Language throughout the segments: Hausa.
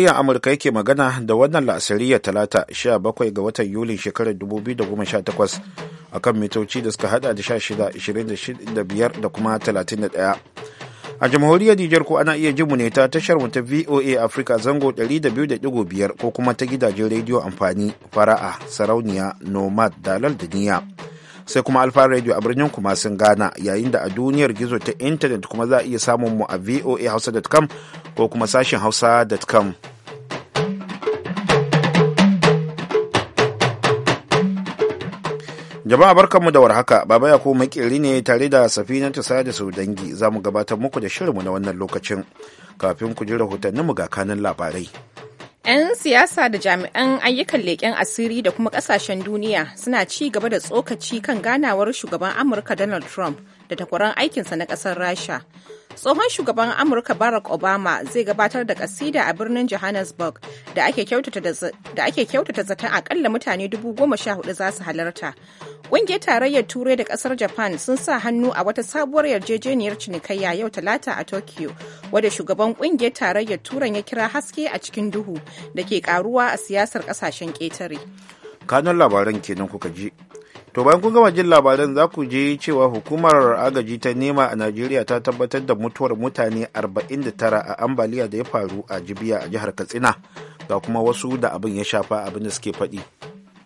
Muryar Amurka yake magana da wannan la'asariya talata 17 ga watan Yulin shekarar 2018 akan mitoci da suka hada da 16, da kuma 31. A jamhuriyar Nijar ko ana iya jimu ne ta tashar mu ta VOA Africa zango 200.5 ko kuma ta gidajen rediyo amfani fara'a sarauniya nomad dalal da niyya. sai kuma alfa radio a birnin kuma sun gana yayin da a duniyar gizo ta intanet kuma za a iya samun mu a voahausa.com ko kuma sashen hausa.com jama'a barkanmu da warhaka baba ya kuma makeri ne tare da safina ta da su dangi za mu gabatar muku da shirinmu na wannan lokacin kafin ku ji rahotanninmu ga kanin labarai 'Yan siyasa da jami'an ayyukan leƙen asiri da kuma ƙasashen duniya suna ci gaba da tsokaci kan ganawar shugaban Amurka Donald Trump da takwaran aikinsa na ƙasar Rasha. tsohon shugaban amurka barack obama zai gabatar da kasida a birnin johannesburg da ake kyautata zaton akalla mutane hudu za su halarta ƙungiyar tarayyar turai da ƙasar japan sun sa hannu a wata sabuwar yarjejeniyar cinikayya yau talata a tokyo wadda shugaban ƙungiyar tarayyar turan ya kira haske a cikin duhu da ke karuwa a siyasar ƙasashen ƙetare kanun labaran kenan kuka ji To bayan kun gama jin labaran za ku je cewa hukumar agaji ta nema a Najeriya ta tabbatar da mutuwar mutane 49 a ambaliya da ya faru a Jibiya a jihar Katsina ga kuma wasu da abin ya shafa abin da suke faɗi.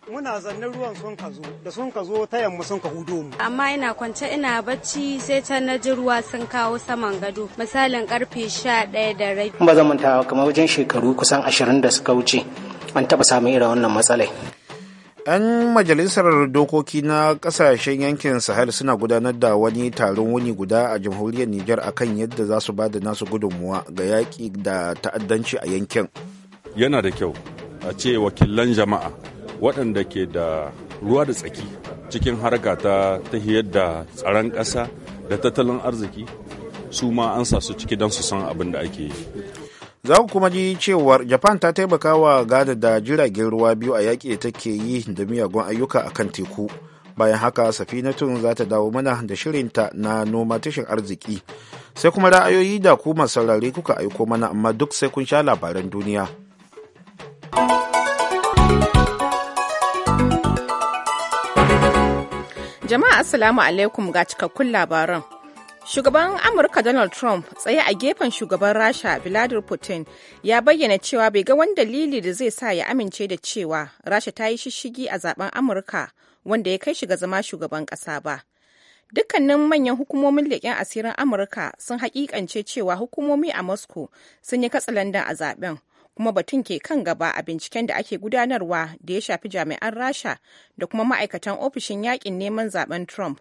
Muna zannin ruwan sun ka zo da sun ka zo ta yamma sun ka hudo mu. Amma ina kwance ina bacci sai ta na ji ruwa sun kawo saman gado misalin karfe 11 da rabi. Ba zan manta kamar wajen shekaru kusan 20 da suka wuce an taɓa samun irin wannan matsalai. 'yan majalisar dokoki na kasashen yankin sahel suna gudanar da wani taron wuni guda a jamhuriyar niger akan yadda za su ba da nasu gudunmuwa ga yaƙi da ta'addanci a yankin yana da kyau a ce wakilan jama'a waɗanda ke da ruwa da tsaki cikin harka ta tahiyar da tsaron ƙasa da tattalin arziki su ma an sa su ciki don su san abin da ake yi za ku kuma ji cewar japan ta taimaka wa gada da jiragen ruwa biyu a yaƙi da take yi da miyagun ayyuka a kan teku bayan haka safinatun za ta dawo mana da shirinta na noma tashin arziki sai kuma ra'ayoyi da kuma saurare kuka aiko mana amma duk sai kun sha labaran duniya jama'a assalamu alaikum ga cikakkun labaran Shugaban Amurka Donald Trump tsaye a gefen shugaban Rasha Vladimir Putin ya bayyana cewa bai ga wani dalili da zai sa ya amince da cewa Rasha ta yi shishigi a zaben Amurka wanda ya kai shi ga zama shugaban ƙasa ba. Dukkanin manyan hukumomin leƙen asirin Amurka sun haƙiƙance cewa hukumomi a Moscow sun yi katsalandan a zaben. kuma batun ke kan gaba a binciken da ake gudanarwa da ya shafi jami'an rasha da kuma ma'aikatan ofishin yaƙin neman zaben trump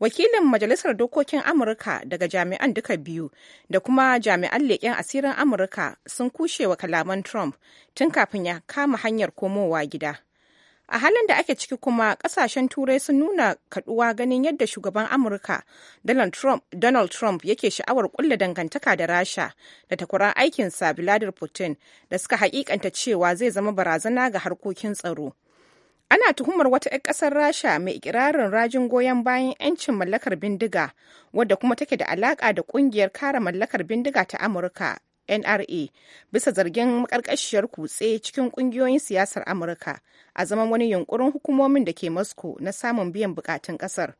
wakilin majalisar dokokin amurka daga jami'an duka biyu da kuma jami'an leƙen asirin amurka sun kushe wa kalaman trump tun kafin ya kama hanyar komowa gida a halin da ake ciki kuma kasashen turai sun nuna kaduwa ganin yadda shugaban amurka donald trump yake sha'awar kulla dangantaka da rasha da takwaran aikinsa vladimir putin da suka hakikanta cewa zai zama barazana ga harkokin tsaro ana tuhumar wata 'yan ƙasar rasha mai ikirarin rajin goyon bayan 'yancin mallakar bindiga wadda kuma take da alaƙa da ƙungiyar kare mallakar bindiga ta amurka nra bisa zargin makarkashiyar kutse cikin ƙungiyoyin siyasar amurka a zaman wani yunkurin hukumomin da ke moscow na samun biyan bukatun ƙasar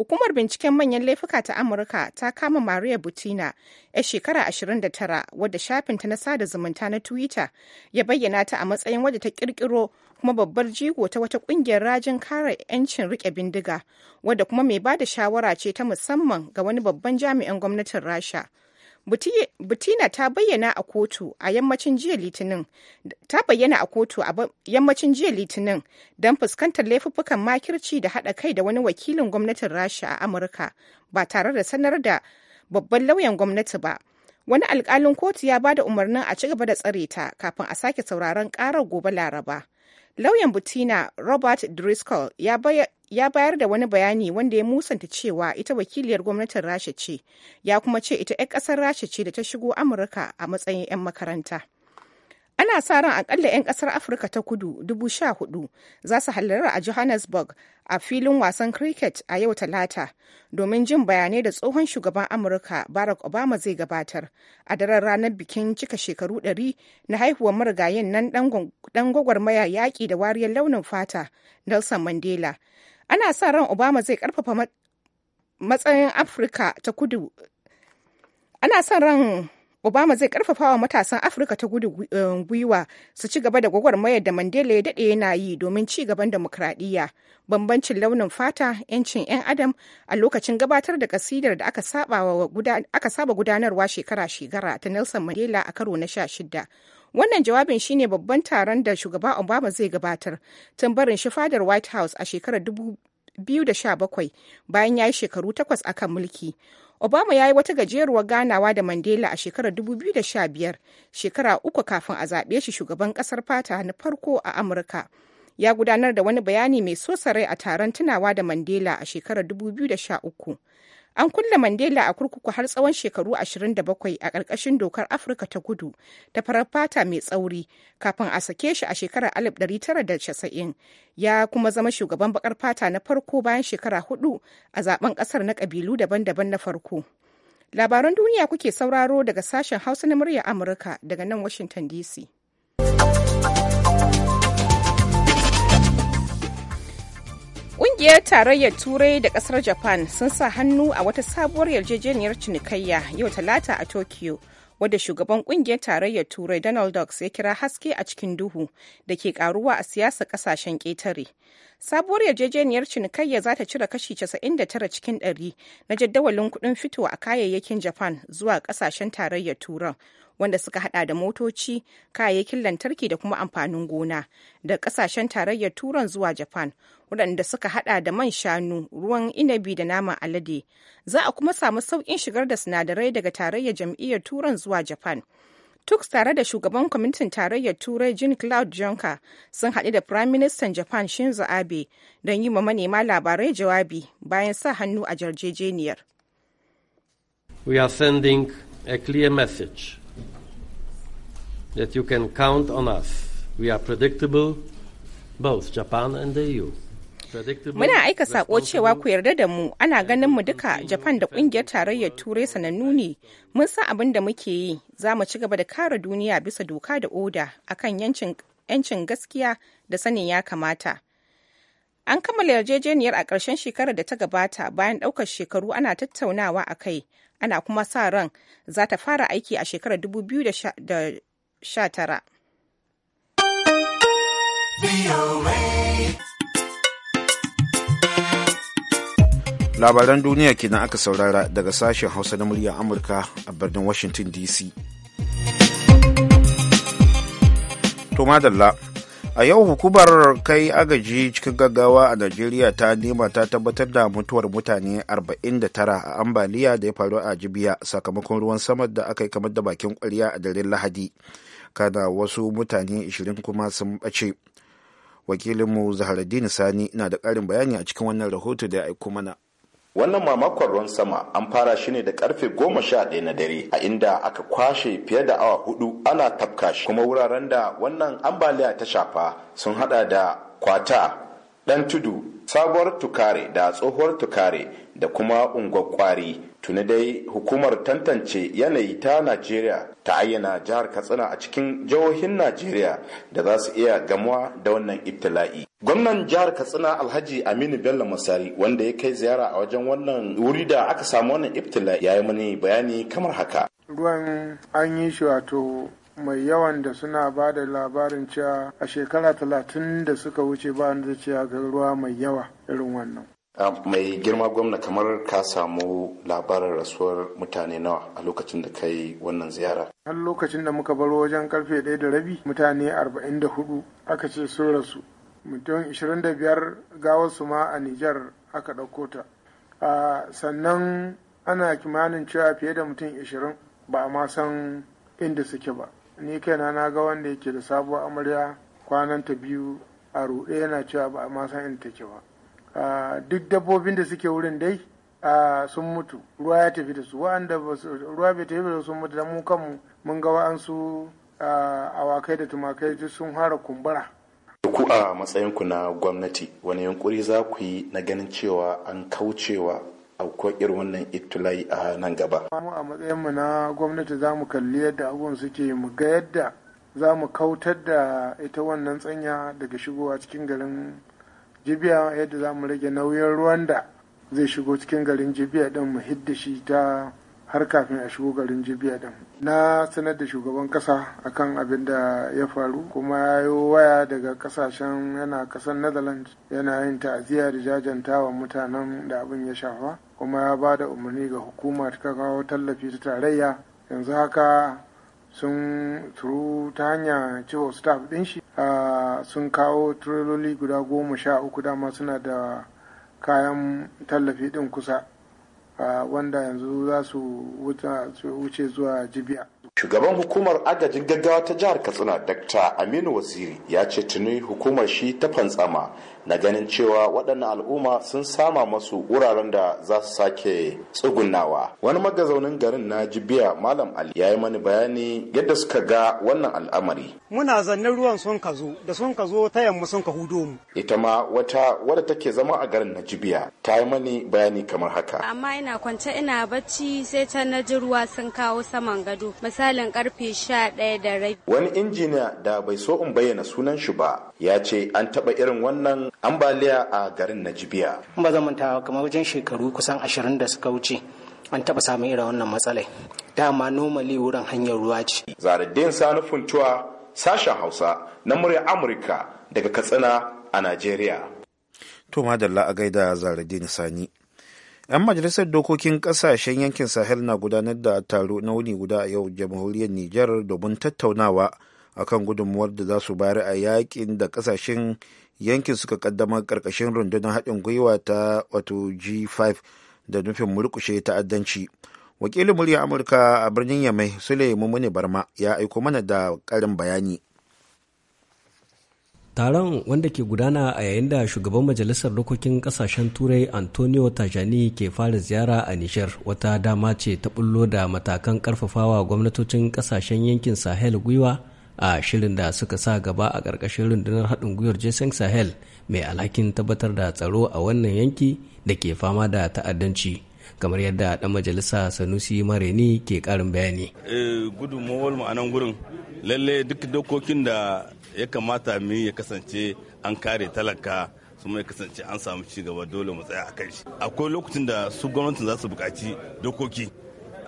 Hukumar binciken manyan laifuka ta Amurka ta kama Maria Butina, 'yar shekara 29, wadda shafinta na sada zumunta na Twitter ya bayyana ta a matsayin wadda ta kirkiro kuma babbar jigo ta wata kungiyar rajin kare 'yancin rike bindiga, wadda kuma mai ba da shawara ce ta musamman ga wani babban jami'in gwamnatin Rasha. Butina ta bayyana a kotu a yammacin jiya Litinin ta bayyana a kotu a yammacin jiya Litinin don fuskantar laifuffukan makirci da haɗa kai da wani wakilin gwamnatin Rasha a Amurka ba tare da sanar da babban lauyan gwamnati ba. Wani alkalin kotu ya ba da umarnin a ci gaba da tsare ta kafin a sake sauraron ƙarar gobe Laraba. Lauyan Butina Robert Driscoll ya ya bayar da wani bayani wanda ya musanta cewa ita wakiliyar gwamnatin rasha ce ya kuma ce ita 'yan kasar rasha ce da ta shigo amurka a matsayin 'yan makaranta ana sa ran akalla 'yan kasar afirka ta kudu dubu za su hallara a johannesburg a filin wasan cricket a yau talata domin jin bayanai da tsohon shugaban amurka barack obama zai gabatar a daren ranar bikin cika shekaru 100 na haihuwar marigayin nan dan gwagwarmaya yaƙi da wariyar launin fata nelson mandela ana sa ran obama zai karfafa matsayin afirka ta kudu ana sa ran obama zai karfafa wa matasan afirka ta gudu eh, gwiwa su ci gaba da gwagwarmayar da mandela ya daɗe yana yi domin ci gaban demokradiyya bambancin launin fata 'yancin 'yan adam a lokacin gabatar da kasidar da aka saba gudanarwa shekara-shekara ta nelson mandela a karo na sha shida Wannan jawabin shine babban taron da shugaba Obama zai gabatar tun barin shi fadar White House a shekarar 2017 bayan ya yi shekaru takwas a kan mulki. Obama ya yi wata gajeruwar ganawa da Mandela a shekarar 2015, shekara uku kafin a zaɓe shi shugaban ƙasar fata na farko a Amurka. Ya gudanar da wani bayani mai sosa rai a taron tunawa da Mandela a shekarar 2013. An kulle Mandela a kurkuku har tsawon shekaru 27 a ƙarƙashin dokar Afirka ta gudu, ta farar fata mai tsauri kafin a sake shi a shekarar 1990 ya kuma zama shugaban baƙar fata na farko bayan shekara hudu a zaben ƙasar na ƙabilu daban-daban na farko. Labaran duniya kuke sauraro daga sashen Hausa na murya Amurka daga nan Washington DC. Ƙungiyar Tarayyar Turai da ƙasar Japan sun sa hannu a wata sabuwar yarjejeniyar cinikayya yau talata a Tokyo, wadda shugaban ƙungiyar Tarayyar Turai Donald Ducks ya kira haske a cikin duhu da ke ƙaruwa a siyasar ƙasashen ƙetare. sabuwar yarjejeniyar cinikayya za ta cire kashi 99 cikin 100 na jaddawalin kuɗin fito a kayayyakin japan zuwa ƙasashen tarayyar turan wanda suka hada da motoci kayayyakin lantarki da kuma amfanin gona da ƙasashen tarayyar turan zuwa japan waɗanda suka hada da man shanu ruwan inabi da nama alade za a kuma samu sauƙin shigar da sinadarai daga tarayyar jam'iyyar turan zuwa japan Tuk tare da shugaban kwamitin tarayyar Turai Jean Claude Juncker sun haɗu da Prime Minister Japan Shinzo Abe don yi ma manema labarai jawabi bayan sa hannu a jarjejeniyar. We are sending a clear message that you can count on us. We are predictable, both Japan and the EU. Muna aika sako cewa ku yarda da mu ana ganin mu duka Japan da kungiyar tarayyar Turai sanannu ne. Mun san abin da muke yi za mu ci gaba da kare duniya bisa doka da oda akan yancin gaskiya da sanin ya kamata. An kammala yarjejeniyar a ƙarshen shekarar da ta gabata bayan ɗaukar shekaru ana tattaunawa a kai, ana kuma sa ran za ta fara aiki a shekarar 2019. labaran duniya kenan aka saurara daga sashen hausa na muryar amurka a birnin washington dc to madalla a yau hukumar kai agaji cikin gaggawa a najeriya ta nema ta tabbatar da mutuwar mutane 49 a ambaliya da ya faru a jibiya sakamakon ruwan sama da aka yi kamar da bakin kwarya a daren lahadi kana wasu mutane 20 kuma sun bace wakilinmu zaharaddini sani na da karin bayani a cikin wannan rahoto da ya aiko mana wannan mamakon ruwan sama an fara shi ne da karfe goma sha ɗaya na dare a inda aka kwashe fiye da awa hudu ana tafka shi kuma wuraren da wannan ambaliya ta shafa sun hada da kwata ɗan tudu sabuwar tukare da tsohuwar tukare da kuma ungwakwari tuni dai hukumar tantance yanayi ta najeriya ta ayyana jihar katsina a cikin jihohin najeriya da za su iya gamuwa da wannan ibtila'i gwamnan jihar katsina alhaji aminu bello masari wanda ya kai ziyara a wajen wannan wuri da aka samu wannan ibtila'i ya yi mani bayani kamar haka ruwan an yi shi wato mai yawan da suna ba da labarin cewa a shekara talatin da suka wuce ba da cewa ga ruwa mai yawa irin wannan. mai girma gwamna kamar ka samu labarin rasuwar mutane nawa a lokacin da ka yi wannan ziyara har lokacin da muka bar wajen karfe ɗaya da rabi mutane arba'in da hudu aka ce sun rasu mutum ishirin da biyar gawarsu ma a nijar aka ɗauko ta sannan ana kimanin cewa fiye da mutum ishirin ba a ma san inda suke ba ni kaina na ga wanda yake da sabuwar amarya kwanan ta biyu a ruɗe yana cewa ba a ma san inda take ba duk dabbobin da suke wurin dai sun mutu ruwa ya tafi da su wa'anda ruwa bai tafi da sun mutu da mu kanmu mun ga wa'ansu awakai da tumakai duk sun fara kumbura ku a matsayinku na gwamnati wani yunkuri za ku yi na ganin cewa an kaucewa aukuwar wannan itulai a nan gaba. mu a matsayinmu na gwamnati za mu kalli yadda abubuwan suke mu ga yadda za mu kautar da ita wannan tsanya daga shigowa cikin garin jibiya yadda za mu rage nauyin ruwan da zai shigo cikin garin jibiya din mu hidda shi ta har kafin a shigo garin jibiya din na sanar da shugaban kasa akan abin da ya faru kuma ya yi waya daga kasashen yana kasar netherlands yana yin ta'aziyya da jajantawa mutanen da abin ya shafa kuma ya ba da umarni ga hukuma ta kawo tallafi ta tarayya yanzu haka sun turu ta hanya cewa staff din shi sun kawo tureloli guda goma sha uku dama suna da kayan tallafi din kusa wanda yanzu za su wuce zuwa jibiya shugaban hukumar agajin gaggawa ta jihar katsina dr aminu waziri ya ce tuni hukumar shi ta fantsama na ganin cewa waɗannan al'umma sun sama masu wuraren da za su sake tsugunawa wani magazaunin garin na jibiya malam ali ya yi mani bayani yadda suka ga wannan al'amari muna zannen ruwan sun ka zo da sun ka zo ta yamma sun ka hudo mu ita ma wata wadda take zama a garin na jibiya ta yi mani bayani kamar haka amma ina kwance ina bacci sai ta na ji ruwa sun kawo saman gado misalin karfe sha ɗaya da rabi wani injiniya da bai so in bayyana sunan shi ba ya ce an taɓa irin wannan ambaliya a garin najibiya ba zan manta kamar wajen shekaru kusan ashirin da suka wuce an taba samun irin wannan matsalai dama nomali wurin hanyar ruwa ce zaradin sanufin tuwa sashen hausa na murya amurka daga katsina a najeriya to madalla a gaida zaradin sani 'yan majalisar dokokin kasashen yankin sahel na gudanar da taro na wuni guda a yau jamhuriyar niger domin tattaunawa akan gudunmuwar da za su bayar a yakin da kasashen yankin suka kaddamar karkashin rundunar haɗin gwiwa ta wato g5 da nufin murkushe ta'addanci wakilin murya amurka a birnin yamai sule mumuni barma ya aiko mana da ƙarin bayani taron wanda ke gudana a yayin da shugaban majalisar dokokin kasashen turai antonio tajani ke fara ziyara a nishar wata dama ce ta bullo da matakan karfafawa gwamnatocin kasashen yankin sahel gwiwa a shirin da suka sa gaba a ƙarƙashin rundunar haɗin gwiwar jason sahel mai alhakin tabbatar da tsaro a wannan yanki da ke fama da ta'addanci kamar yadda ɗan majalisa sanusi mareni ke ƙarin bayani eh, gudunmawar mu a nan gurin lalle duk dokokin da ya kamata mu ya kasance an kare talaka su mai kasance an samu ci gaba dole mu tsaya a kan shi akwai lokacin da su gwamnatin za su buƙaci dokoki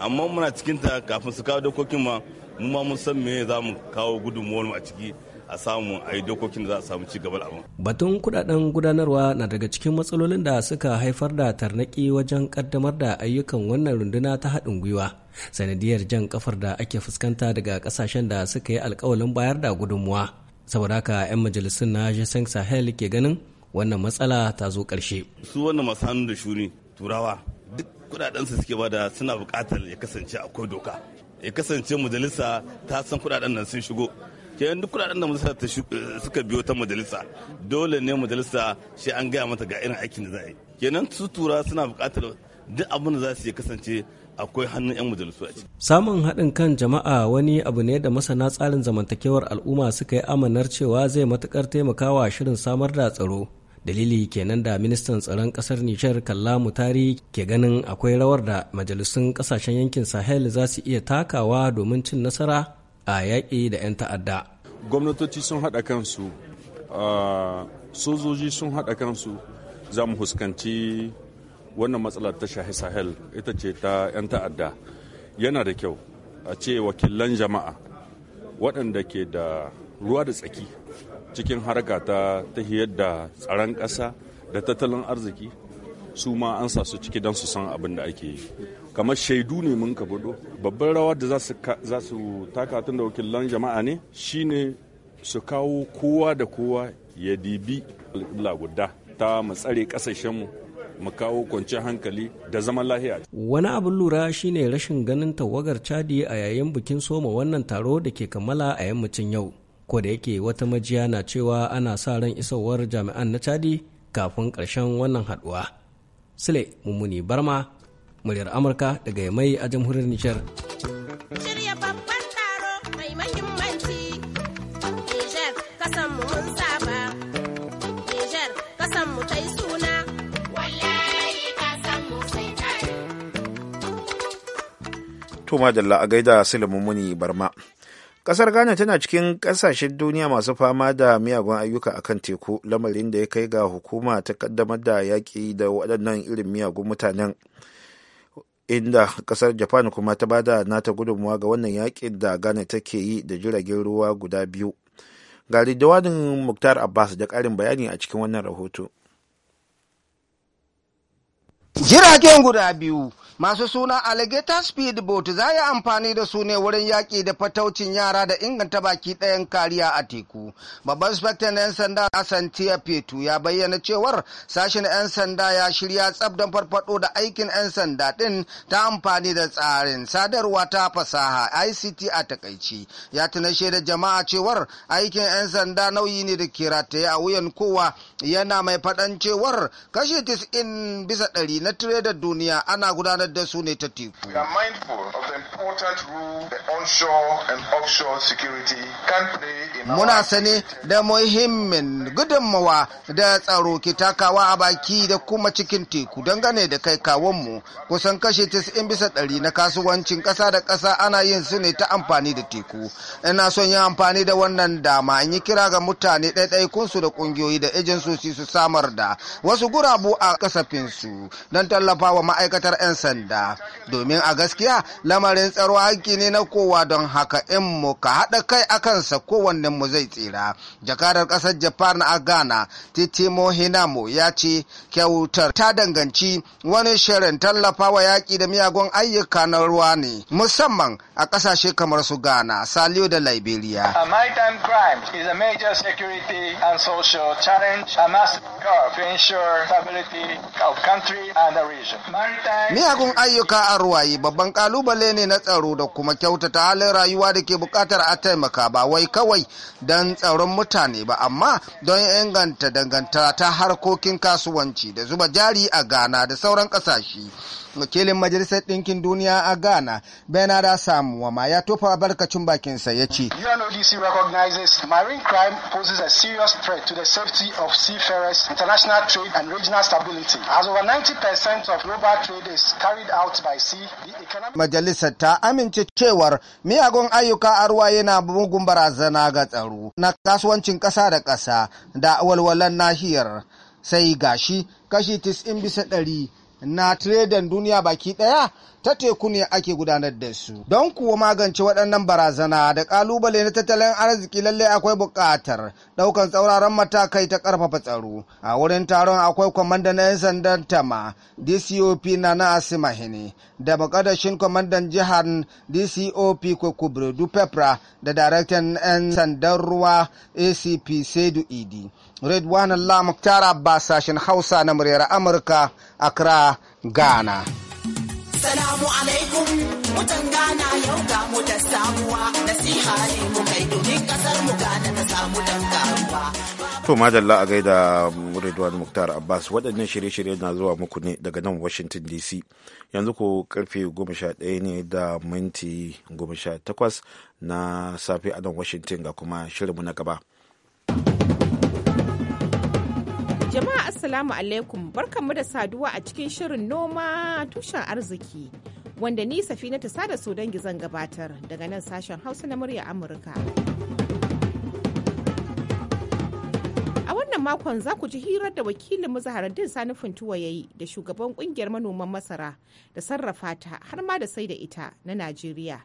amma muna cikin ta kafin su kawo dokokin ma mu ma mun san me za mu kawo gudunmuwar mu a ciki a samu a yi dokokin da za a samu ci gaba abin. Batun kudaden gudanarwa na daga cikin matsalolin da suka haifar da tarnaki wajen kaddamar da ayyukan wannan runduna ta haɗin gwiwa. Sanadiyar jan kafar da ake fuskanta daga kasashen da suka yi alkawalin bayar da gudunmuwa. Saboda haka 'yan majalisun na Jason Sahel ke ganin wannan matsala ta zo karshe. Su wannan masu hannu da shuni turawa duk kudaden su suke bada suna bukatar ya kasance akwai doka. ya kasance majalisa ta san kudaden nan sun shigo kenan duk kudaden da majalisa ta eh, suka biyo ta majalisa dole ne majalisa shi an gaya mata ga irin aikin da za a yi kenan su tura suna bukatar duk abin da za su yi kasance akwai hannun 'yan majalisu a ciki. Samun haɗin kan jama'a wani abu ne da masana tsarin zamantakewar al'umma suka yi amanar cewa zai matukar taimakawa shirin samar da tsaro dalili kenan da ministan tsaron kasar nijar kalla mutari ke ganin akwai rawar da majalisun kasashen yankin sahel za su iya takawa domin cin nasara a yaƙi da 'yan ta'adda gwamnatoci sun haɗa kansu sojoji sun haɗa kansu za mu fuskanci wannan matsalar ta shahi sahel ita ce ta 'yan ta'adda yana da kyau a ce wakilan jama'a waɗanda ke da ruwa da tsaki cikin harka ta tahiyar da tsaron ƙasa da tattalin arziki su ma an sa su ciki don su san abin da ake yi kamar shaidu ne mun ka bado. babban rawa da za su taka tun da wakilan jama'a ne shine su kawo kowa da kowa ya dibi laguda ta matsare kasashenmu mu kawo kwanciyar hankali da zaman lahiya. Wani abin lura shine rashin ganin tawagar Chadi a yayin bikin soma wannan taro da ke kammala a yammacin yau. ko da yake wata majiya na cewa ana sa ran isowar jami'an na chadi kafin ƙarshen wannan haɗuwa sule mummuni barma muryar amurka daga mai a jamhuriyar nijar To jalla a gaida Sulaiman Muni Barma. kasar ghana tana cikin kasashen duniya masu fama da miyagun ayyuka akan teku lamarin da ya kai ga hukuma ta kaddamar da yaƙi da waɗannan irin miyagun mutanen inda kasar japan kuma ta bada nata gudunmuwa ga wannan yaƙin da ghana take yi da jiragen ruwa guda biyu ga ridwadin muktar abbas da ƙarin bayani a cikin wannan rahoto jiragen guda biyu masu suna alligator speedboat za yi amfani da su ne wurin yaƙi da fataucin yara da inganta baki ɗayan kariya a teku babban spectrum 'yan sanda hassan fetu ya bayyana cewar sashen 'yan sanda ya shirya tsab don farfado da aikin 'yan sanda ɗin ta amfani da tsarin sadarwa ta fasaha ict a takaici ya tuna da jama'a cewar aikin 'yan sanda nauyi ne da ke rataye a wuyan kowa yana mai faɗan cewar kashi 90 bisa ɗari na tire da duniya ana gudanar da su ne ta teku. Muna sani da muhimmin gudunmawa da tsaro ke takawa a baki da kuma cikin teku dangane da kai kawonmu kusan kashe 90 bisa ɗari na kasuwancin ƙasa da ƙasa ana yin su ne ta amfani da teku. Ina son yin amfani da wannan dama in yi kira ga mutane ɗaiɗaikunsu da ƙungiyoyi da ejensosi su samar da wasu gurabu a kasafinsu don tallafa wa ma'aikatar 'yan sanda domin a gaskiya lamarin tsaro haƙƙi ne na kowa don haka in mu ka haɗa kai a kansa kowanne mu zai tsira jakadar ƙasar japan a ghana titimo hinamo ya ce kyautar ta danganci wani shirin tallafawa yaƙi da miyagun ayyuka na ruwa ne musamman a ƙasashe kamar su ghana saliyo da liberia miyagun cikin ayyuka a ruwaye babban kalubale ne na tsaro da kuma kyautata halin rayuwa da ke bukatar a taimaka ba wai kawai don tsaron mutane ba amma don inganta ta harkokin kasuwanci da zuba jari a ghana da sauran kasashe wakilin majalisar ɗinkin duniya a ghana wa samuwama ya tofa albarkacin sa ya ce unodc recognizes marine crime poses a serious threat to the safety of seafarers international trade and regional stability as over 90% percent of global trade is carried out by sea the economic majalisar ta amince cewar miyagun ayyuka a ruwa yana mugun barazana ga tsaro na kasuwancin ƙasa da ƙasa da walwalan nahiyar sai gashi kashi 90 bisa ɗari na tiredan duniya baki ɗaya ta teku ne ake gudanar da su. Don kuwa magance waɗannan barazana da ƙalubale na tattalin arziki lallai akwai buƙatar ɗaukan tsauraran matakai ta ƙarfafa tsaro. A wurin taron akwai kwamandan 'yan sandan Tama, DCOP na na Asimahini, da makadashin kwamandan jihar DCOP Kwekubro Dupepra da daraktan 'yan sandan ruwa ACP Sedu Idi. Redwan Allah Muktar Abbas sashen Hausa na muryar Amurka a kira Ghana. Salamu alaikum mutan Ghana yau ga mu da samuwa nasiha ne mu kai domin kasar mu Ghana ta samu dan karuwa. To madalla a gaida Redwan Muktar Abbas waɗannan shirye-shirye na zuwa muku ne daga nan Washington DC. Yanzu ko karfe 11 ne da minti 18 na safe a nan Washington ga kuma shirinmu na gaba. Jama'a Assalamu alaikum barkanmu da saduwa a cikin shirin noma tushen arziki wanda ni safina ta sada so dangi zan gabatar daga nan sashen Hausa na murya Amurka. A wannan makon za ku ji hirar da wakilin Zaharaddin Sani Funtuwa ya yi da shugaban kungiyar manoman masara da sarrafa ta har ma da sai da ita na Najeriya.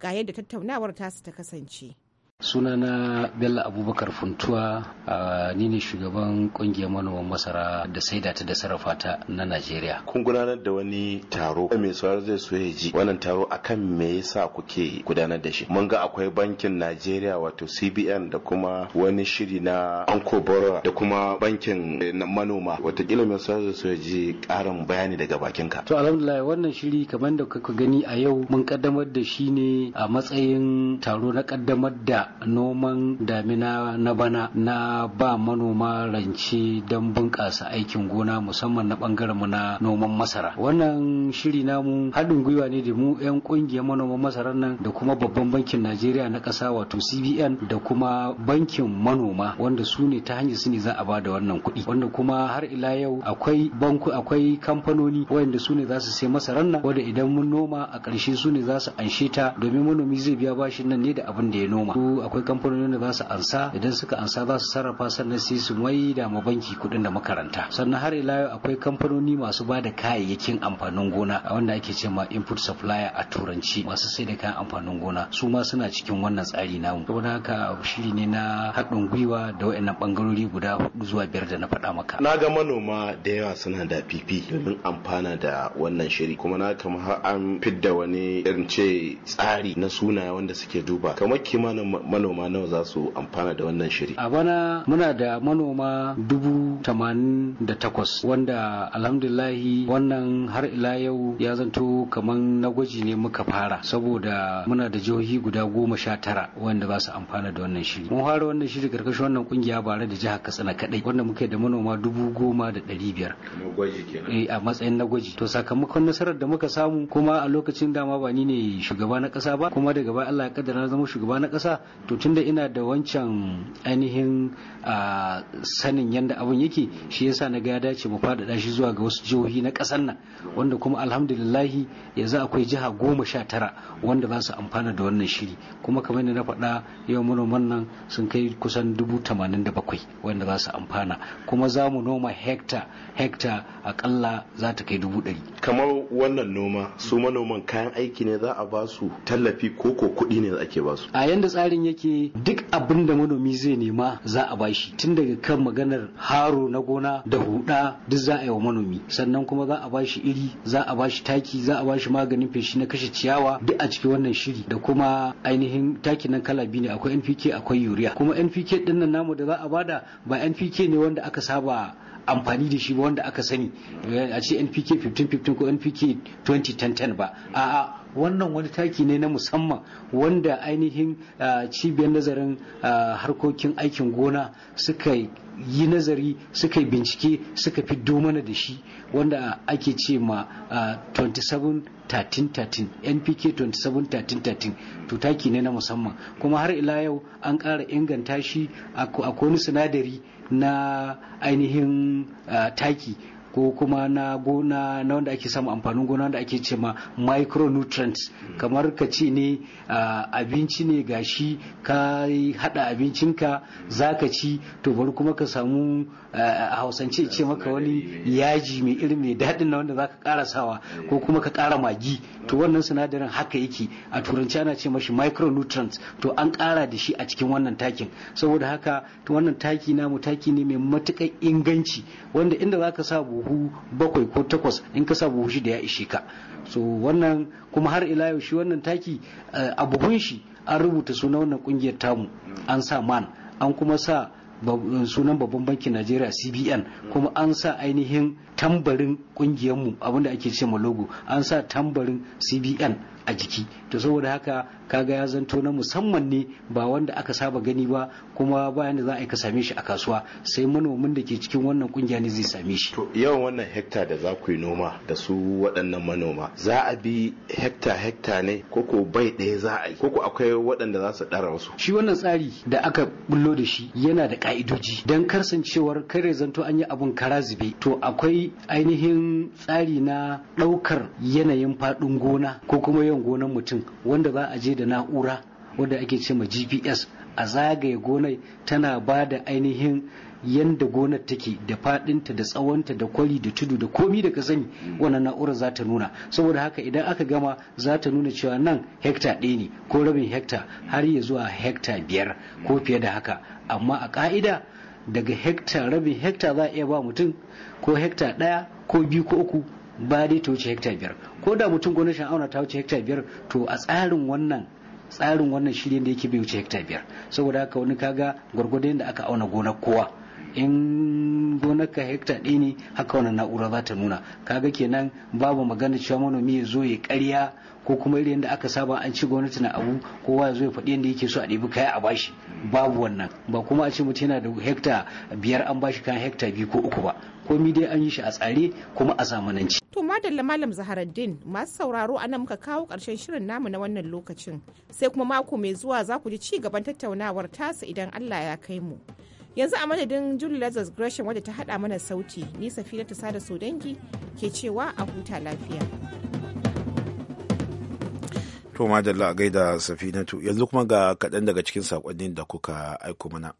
Ga yadda tattaunawar tasu ta kasance. sunana bello abubakar funtuwa a ni ne shugaban kungiyar manoman masara da saida ta da sarrafa ta na najeriya kun gudanar da wani taro mai tsawar zai so ya ji wannan taro akan me yasa kuke gudanar da shi mun ga akwai bankin najeriya wato cbn da kuma wani shiri na anko borrower da kuma bankin eh, manoma watakila mai tsawar zai so ya ji karin bayani daga bakin ka to alhamdulillah wannan shiri kamar da kuka gani a yau mun kaddamar da shi ne a matsayin taro na kaddamar da noman damina na bana na ba manoma rance don bunƙasa aikin gona musamman na ɓangaren mu na noman masara wannan shiri namu haɗin gwiwa ne da mu 'yan ƙungiyar manoman masarar nan da kuma babban bankin najeriya na ƙasa wato cbn da kuma bankin manoma wanda su ne ta hanyar su ne za a ba da wannan kuɗi wanda kuma har ila yau akwai banku akwai kamfanoni wayanda su ne za su sai masarar nan wanda idan mun noma a ƙarshe su ne za su anshe ta domin manomi zai biya bashin nan ne da abin da ya noma akwai kamfanonin da za su ansa idan suka ansa za su sarrafa sannan sai su mai da ma banki kuɗin da makaranta sannan har ila yau akwai kamfanoni masu ba da kayayyakin amfanin gona a wanda ake ce ma input supplier a turanci masu sai da kayan amfanin gona su ma suna cikin wannan tsari namu saboda haka shiri ne na haɗin gwiwa da waɗannan bangarori guda hudu zuwa biyar da na faɗa maka na ga manoma da yawa suna da fifi domin amfana da wannan shiri kuma na kama har an fidda wani irin ce tsari na sunaye wanda suke duba kamar kimanin manoma nawa za su amfana da wannan shiri a bana muna da manoma dubu tamanin da takwas wanda alhamdulillahi wannan har ila yau ya zanto kamar na gwaji ne muka fara saboda muna da jihohi guda goma sha tara wanda za su amfana da wannan shiri mun fara wannan shiri karkashin wannan kungiya bare da jihar katsina kadai wanda muke da manoma dubu goma da ɗari biyar eh, a matsayin na gwaji to sakamakon nasarar da muka samu kuma a lokacin dama ba ni ne shugaba na ƙasa ba kuma daga baya Allah ya kaddara na zama shugaba na ƙasa to tun da ina da wancan ainihin sanin yadda abin yake shi yasa na ga dace mu faɗaɗa shi zuwa ga wasu jihohi na ƙasar nan wanda kuma alhamdulillahi yanzu akwai jiha goma sha tara wanda za su amfana da wannan shiri kuma kamar yadda na faɗa yawan manoman nan sun kai kusan dubu tamanin da bakwai wanda za su amfana kuma za mu noma hekta hekta akalla za ta kai dubu ɗari kamar wannan noma su manoman kayan aiki ne za a ba su tallafi ko ko kuɗi ne za ake ba su a yanda tsarin yake duk abin da manomi zai nema za a bashi tun daga kan maganar haro na gona da huda duk za a yi wa manomi sannan kuma za a bashi iri za a bashi taki za a bashi maganin feshi na kashe ciyawa duk a cikin wannan shiri da kuma ainihin taki nan kala biyu ne akwai NPK akwai urea kuma NPK din nan namu da za a bada ba NPK ne wanda aka saba amfani da shi ba wanda aka sani a ce NPK 15-15 ko NPK 20-10 ba a'a wannan wani taki ne na musamman wanda ainihin cibiyar nazarin harkokin aikin gona suka yi nazari suka yi bincike suka fi mana da shi wanda ake ce ma 27 13 npk 27 13 to taki ne na musamman kuma har ila yau an ƙara inganta shi a wani sinadari na ainihin taki ko kuma na gona na wanda ake samu amfanin gona da ake ce ma micronutrients hmm. kamar ka ce ne abinci ne gashi ka hada abincinka za ka ci to bari kuma ka samu a hausance ce maka wani yaji mai irin mai daɗin na wanda za ka ƙara sawa hmm. ko kuma ka ƙara magi to hmm. wannan sinadarin haka yake a turanci ana ce mashi micronutrients to an ƙara da shi a cikin wannan takin saboda haka to wannan taki namu taki ne mai matukar inganci wanda inda za ka sa buhu buhu bakwai ko takwas in ka sa buhu shida ya ishe ka so wannan kuma har ila yau shi wannan taki eh, a buhun shi an rubuta suna wannan kungiyar tamu an sa man an kuma sa sunan babban bankin najeriya cbn kuma an sa ainihin tambarin kungiyarmu abinda ake ce ma logo an sa tambarin cbn a jiki to saboda haka kaga ya zanto na musamman ne ba wanda aka saba gani ba kuma bayan da za a yi ka same shi a kasuwa sai manomin da ke cikin wannan kungiya ne zai same shi to yawan wannan hekta da za ku yi noma da su waɗannan manoma za a bi hekta hekta ne koko bai ɗaya za a yi koko akwai waɗanda za su ɗara wasu shi wannan tsari da aka bullo da shi yana da ka'idoji don kasancewar kare zanto an yi abun kara zube to akwai ainihin tsari na ɗaukar yanayin faɗin gona ko kuma kewayen gonar mutum wanda za a je da na'ura wanda ake ce ma gps a zagaye gonar tana ba da ainihin yadda gonar take da fadinta da tsawonta da kwari da tudu da komi da ka sani wannan na'urar za ta nuna saboda haka idan aka gama za ta nuna cewa nan hekta ɗaya ne ko rabin hekta har ya zuwa hekta biyar ko fiye da haka amma a ka'ida daga hekta rabin hekta za a iya ba mutum ko hekta ɗaya ko biyu ko uku ba dai ta wuce hekta biyar ko da mutum gonar shi auna ta wuce hekta biyar to a tsarin wannan tsarin wannan shirin da yake bai wuce hekta biyar saboda haka wani kaga gwargwadon da aka auna gonar kowa in gonarka hekta ɗaya ne haka wannan na'ura za ta nuna kaga kenan babu magana cewa manomi ya zo ya karya ko kuma irin da aka saba an ci gwamnati na abu kowa ya zo ya faɗi yadda yake so a ɗebi kaya a bashi babu wannan ba kuma a ce mutum yana da hekta biyar an bashi kan hekta biyu ko uku ba komi dai an yi shi a tsare kuma a zamananci. To madalla malam Zaharaddin masu sauraro ana muka kawo ƙarshen shirin namu na wannan lokacin sai kuma mako mai zuwa za ku ji ci gaban tattaunawar tasa idan Allah ya kai mu. yanzu a madadin julie lazarus gresham wadda ta hada mana sauti ni safina ta sada so dangi ke cewa a huta lafiya to madalla a gaida safinatu yanzu kuma ga kaɗan daga cikin saƙonnin da kuka aiko mana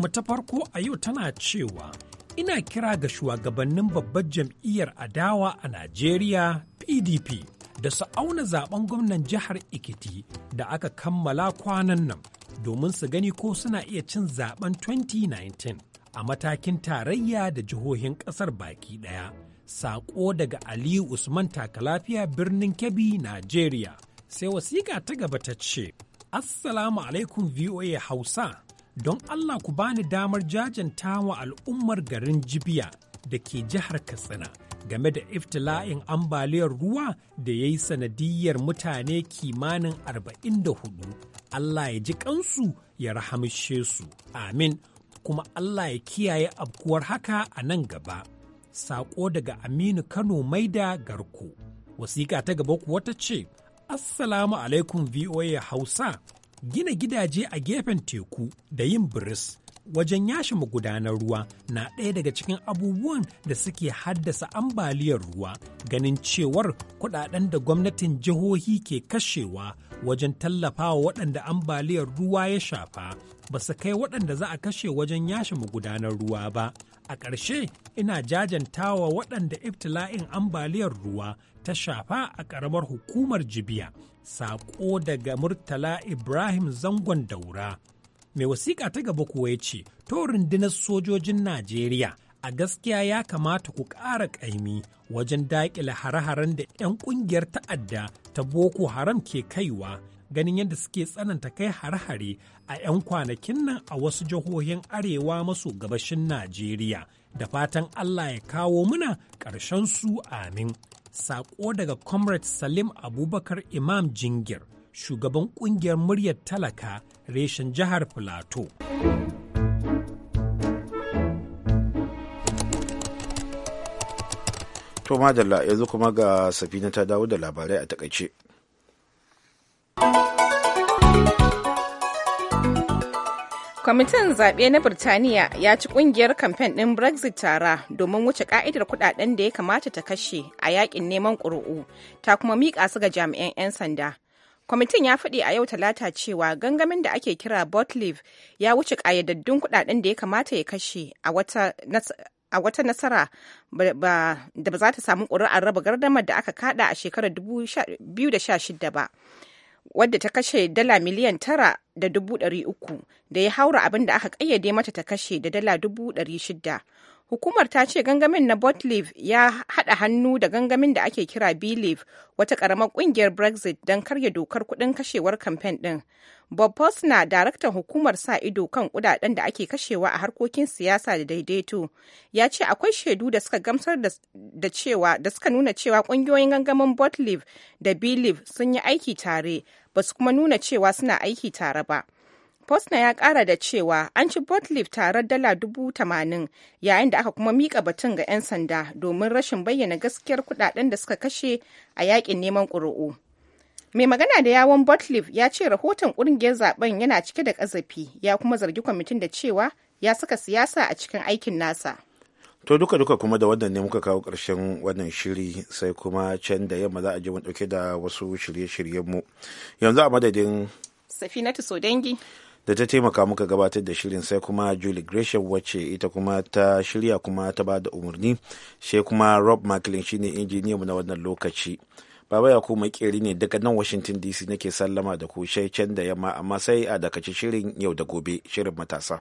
mu ta farko a yau tana cewa ina kira ga shugabannin babbar jam'iyyar adawa a najeriya pdp da su auna zaben gwamnan jihar Ikiti da aka kammala kwanan nan domin su gani ko suna iya cin zaben 2019 a matakin tarayya da jihohin ƙasar baki ɗaya. Saƙo daga Ali Usman Takalafiya birnin Kebbi, Najeriya. Sai wasiƙa ta gaba ta ce, Assalamu alaikum VOA Hausa, don Allah ku bani damar jajanta wa al'ummar garin Jibiya da ke jihar Katsina. game da iftila'in ambaliyar ruwa da ya yi sanadiyar mutane kimanin arba'in da 44 Allah ya ji kansu ya rahamshe su amin kuma Allah ya kiyaye abkuwar haka a nan gaba saƙo daga aminu kano maida garko wasiƙa ta gaba kuwa ta ce assalamu alaikum voa hausa gina gidaje a gefen teku da yin biris wajen yashe magudanar ruwa na ɗaya daga cikin abubuwan da suke haddasa ambaliyar ruwa ganin cewar kuɗaɗen da gwamnatin jihohi ke kashewa wajen tallafawa waɗanda ambaliyar ruwa ya shafa ba su kai waɗanda za a kashe wajen yashe magudanar ruwa ba a ƙarshe ina jajantawa waɗanda ibtila'in ambaliyar ruwa ta shafa a ƙaramar hukumar jibiya saƙo daga murtala ibrahim zangon daura mai wasiƙa ta gaba kuwa ya ce to rundunar sojojin najeriya a gaskiya ya kamata ku ƙara ƙaimi wajen daƙile hare-haren da 'yan ƙungiyar ta'adda ta boko haram ke kaiwa ganin yadda suke tsananta kai hare-hare a 'yan kwanakin nan a wasu jihohin arewa maso gabashin najeriya da fatan allah ya kawo muna ƙarshen su amin saƙo daga comrade salim abubakar imam jingir shugaban kungiyar muryar talaka reshen jihar Filato. To madalla yanzu kuma ga safina ta dawo da labarai a takaice. Kwamitin zaɓe na Birtaniya ya ci ƙungiyar kamfen ɗin Brexit tara domin wuce ƙa'idar kuɗaɗen da ya kamata ta kashe a yaƙin neman ƙuri'u, ta kuma miƙa su ga jami'an 'yan sanda. Kwamitin ya faɗi a yau talata cewa gangamin da ake kira Botliv ya wuce ƙayyadaddun kuɗaɗen da ya kamata ya kashe a wata nasara da ba za ta samu ƙuri'ar raba gardamar da aka kada a shekarar 2016 ba wadda ta kashe dala miliyan tara da uku da ya haura abin da aka ƙayyade mata ta kashe da dala dubu Hukumar ta ce gangamin na Botleaf ya hada hannu da gangamin da ake kira bleaf wata karamar kungiyar Brexit don karya dokar kudin kashewar kamfen ɗin. Bob na daraktan hukumar sa ido kan kudaden da ake kashewa a harkokin siyasa da daidaito, ya ce akwai shaidu da suka gamsar da cewa da suka nuna cewa kungiyoyin gangamin Botliv da bleaf sun yi aiki tare, ba su kuma nuna cewa suna aiki tare ba. Posner ya kara da cewa an ci botlif tare dala dubu tamanin yayin da aka kuma mika batun ga 'yan sanda domin rashin bayyana gaskiyar kudaden da suka kashe a yakin neman ƙuri'u. Mai magana da yawon botlif ya ce rahoton ƙungiyar zaben yana cike da ƙazafi ya kuma zargi kwamitin da cewa ya saka siyasa a cikin aikin nasa. To duka duka kuma da wannan ne muka kawo ƙarshen wannan shiri sai kuma can da yamma za a je mu ɗauke da wasu shirye-shiryenmu. Yanzu a madadin Safinatu Sodangi. da ta taimaka muka gabatar da shirin sai kuma julie gresham wacce ita kuma ta shirya kuma ta ba da umarni sai kuma rob mclean shine injiniya mu na wannan lokaci baba ya kuma keri ne daga nan washington dc nake sallama da ku can da yamma amma sai a dakaci shirin yau da gobe shirin matasa